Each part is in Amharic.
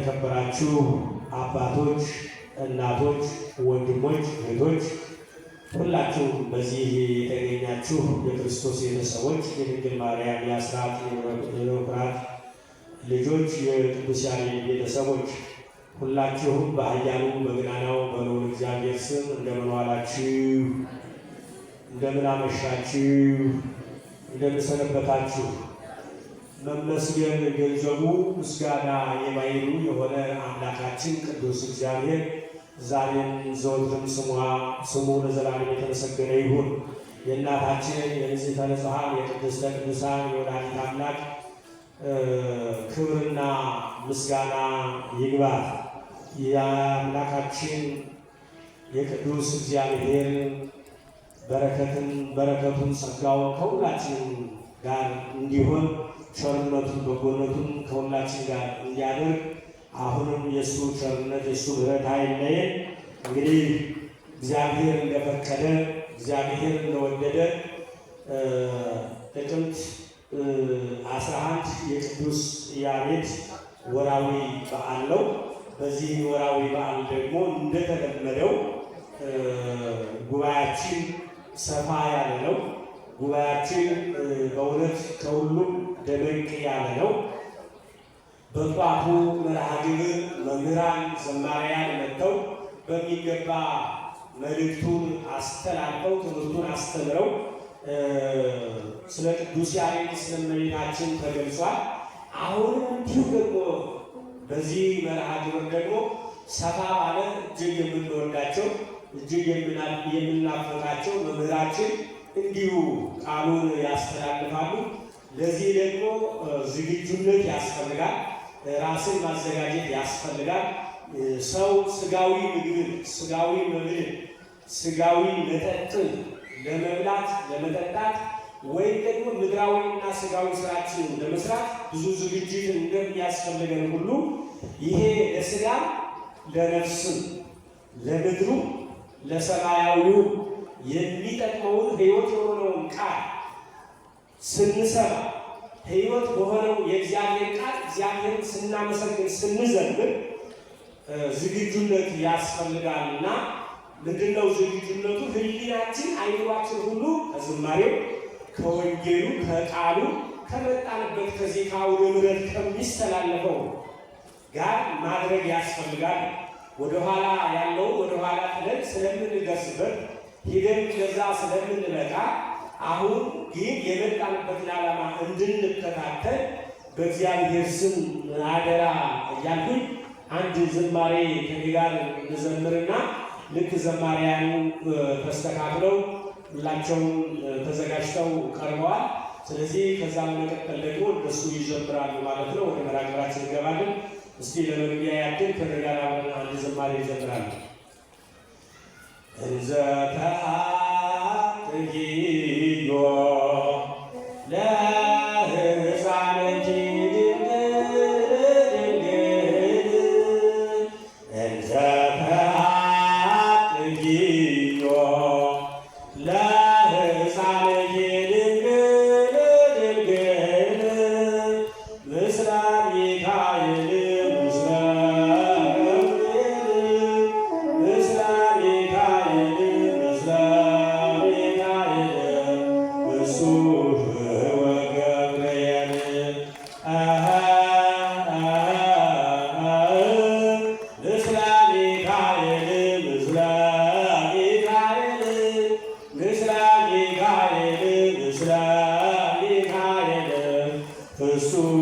የተከበራችሁ አባቶች፣ እናቶች፣ ወንድሞች፣ እህቶች ሁላችሁም በዚህ የተገኛችሁ የክርስቶስ ቤተሰቦች የድንግል ማርያም የአስራት የበኩራት ልጆች የቅዱስ ያሬድ ቤተሰቦች ሁላችሁም በኃያሉ በገናናው በልዑል እግዚአብሔር ስም እንደምን ዋላችሁ? እንደምን አመሻችሁ? እንደምን ሰነበታችሁ? መመስገን ገንዘቡ ምስጋና የማይሉ የሆነ አምላካችን ቅዱስ እግዚአብሔር ዛሬም ዘወትርም ስሟ ስሙ ለዘላለም የተመሰገነ ይሁን። የእናታችን የንጽሕተ ንጹሐን የቅድስተ ቅዱሳን የወላዲተ አምላክ ክብርና ምስጋና ይግባት። የአምላካችን የቅዱስ እግዚአብሔር በረከትን በረከቱን ጸጋው ከሁላችን ጋር እንዲሆን ቸርነቱን በጎነቱን ከሁላችን ጋር እንዲያደርግ አሁንም የእሱ ቸርነት የእሱ ምሕረት አይለየን። እንግዲህ እግዚአብሔር እንደፈቀደ እግዚአብሔር እንደወደደ ጥቅምት አስራ አንድ የቅዱስ ያሬድ ወራዊ በዓል ነው። በዚህ ወራዊ በዓል ደግሞ እንደተለመደው ጉባኤያችን ሰፋ ያለ ነው። ጉባኤያችን በእውነት ከሁሉም ደመቅ ያለ ነው። በጧቱ መርሃ ግብር መምህራን ዘማሪያን መጥተው በሚገባ መልእክቱን አስተላልፈው ትምህርቱን አስተምረው ስለ ቅዱስ ያሬድ ስለ እመቤታችን ተገልጿል። አሁንም እንዲሁ ደግሞ በዚህ መርሃ ግብር ደግሞ ሰፋ ባለ እጅግ የምንወዳቸው እጅግ የምናፈቃቸው መምህራችን እንዲሁ ቃሉን ያስተላልፋሉ። ለዚህ ደግሞ ዝግጁነት ያስፈልጋል፣ ራስን ማዘጋጀት ያስፈልጋል። ሰው ስጋዊ ምግብን፣ ስጋዊ መብልን፣ ስጋዊ መጠጥን ለመብላት ለመጠጣት ወይም ደግሞ ምድራዊና ስጋዊ ስራችን ለመስራት ብዙ ዝግጅት እንደሚያስፈልገን ሁሉ ይሄ ለስጋ ለነፍስም ለምድሩ ለሰማያዊው የሚጠቅመውን ህይወት የሆነውን ቃል ስንሰማ ህይወት በሆነው የእግዚአብሔር ቃል እግዚአብሔርን ስናመሰግን ስንዘምር ዝግጁነት ያስፈልጋል እና ምንድነው ዝግጁነቱ? ህሊናችን አይሯችን ሁሉ ከዝማሬው ከወንጌሉ ከቃሉ ከመጣንበት ከዚህ ከአውደ ምሕረት ከሚስተላለፈው ጋር ማድረግ ያስፈልጋል። ወደኋላ ያለው ወደኋላ ጥለን ስለምንደርስበት ሂደን ከዛ ስለምንመጣ አሁን ግን የመጣንበትን ዓላማ እንድንከታተል በእግዚአብሔር ስም አደራ እያልኩኝ አንድ ዝማሬ ከኔ ጋር እንዘምርና ልክ ዘማሪያኑ ተስተካክለው ሁላቸውም ተዘጋጅተው ቀርበዋል። ስለዚህ ከዛ በመቀጠል ደግሞ እነሱ ይዘምራሉ ማለት ነው። ወደ መራግራችን እንገባለን። እስቲ ለመግቢያ ያክል ከኔ አንድ ዝማሬ ይዘምራሉ። It is a Cristo.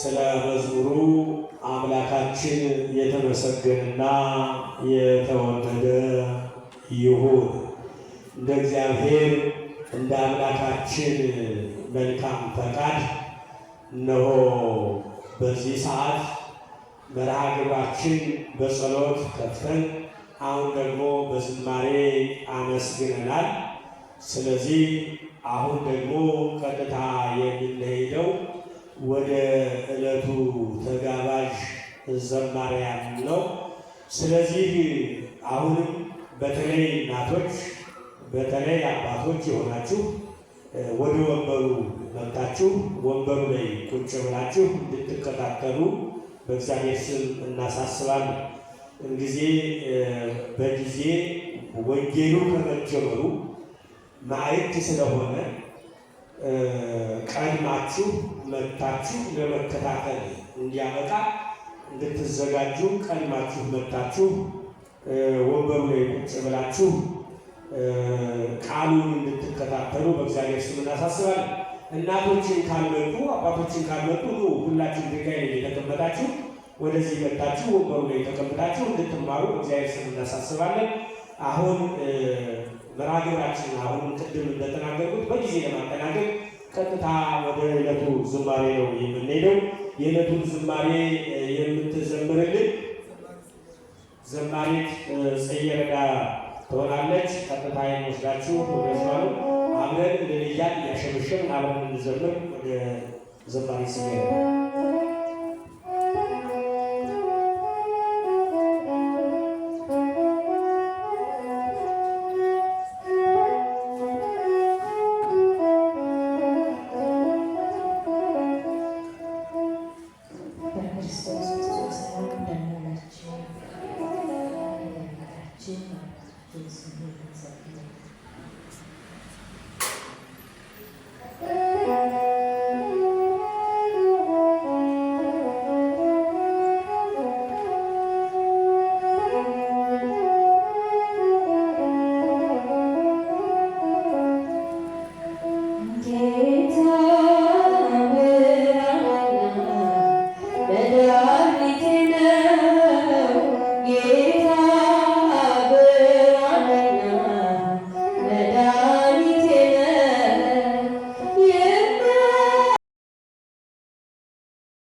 ስለ መዝሙሩ አምላካችን የተመሰገነና የተወደደ ይሁን። እንደ እግዚአብሔር እንደ አምላካችን መልካም ፈቃድ እነሆ በዚህ ሰዓት መርሃ ግብራችን በጸሎት ከፍተን አሁን ደግሞ በዝማሬ አመስግነናል። ስለዚህ አሁን ደግሞ ቀጥታ የምንሄደው ወደ ዕለቱ ተጋባዥ ዘማሪያን ነው። ስለዚህ አሁንም በተለይ እናቶች፣ በተለይ አባቶች የሆናችሁ ወደ ወንበሩ መምጣችሁ ወንበሩ ላይ ቁጭ ብላችሁ እንድትከታተሉ በእግዚአብሔር ስም እናሳስባለን። እንጊዜ በጊዜ ወንጌሉ ከመጀመሩ ማየት ስለሆነ ቀድማችሁ መታችሁ ለመከታተል እንዲያመጣ እንድትዘጋጁ ቀድማችሁ መታችሁ ወንበሩ ላይ ቁጭ ብላችሁ ቃሉን እንድትከታተሉ በእግዚአብሔር ስም እናሳስባለን። እናቶችን ካልመጡ አባቶችን ካልመጡ ሁላችሁ ድንጋይ ላይ የተቀመጣችሁ ወደዚህ መታችሁ ወንበሩ ላይ የተቀመጣችሁ እንድትማሩ በእግዚአብሔር ስም እናሳስባለን። አሁን መርሃ ግብራችን አሁን ቅድም እንደተናገርኩት በጊዜ ለማጠናቀቅ ቀጥታ ወደ ዕለቱ ዝማሬ ነው የምንሄደው። የዕለቱን ዝማሬ የምትዘምርልን ዘማሪት ጽየረዳ ትሆናለች። ቀጥታ የሚወስዳችሁ ወደ ዝማሩ አብረን ልልያን እያሸበሸብን አብረን እንዘምር ወደ ዘማሪት ጽየረዳ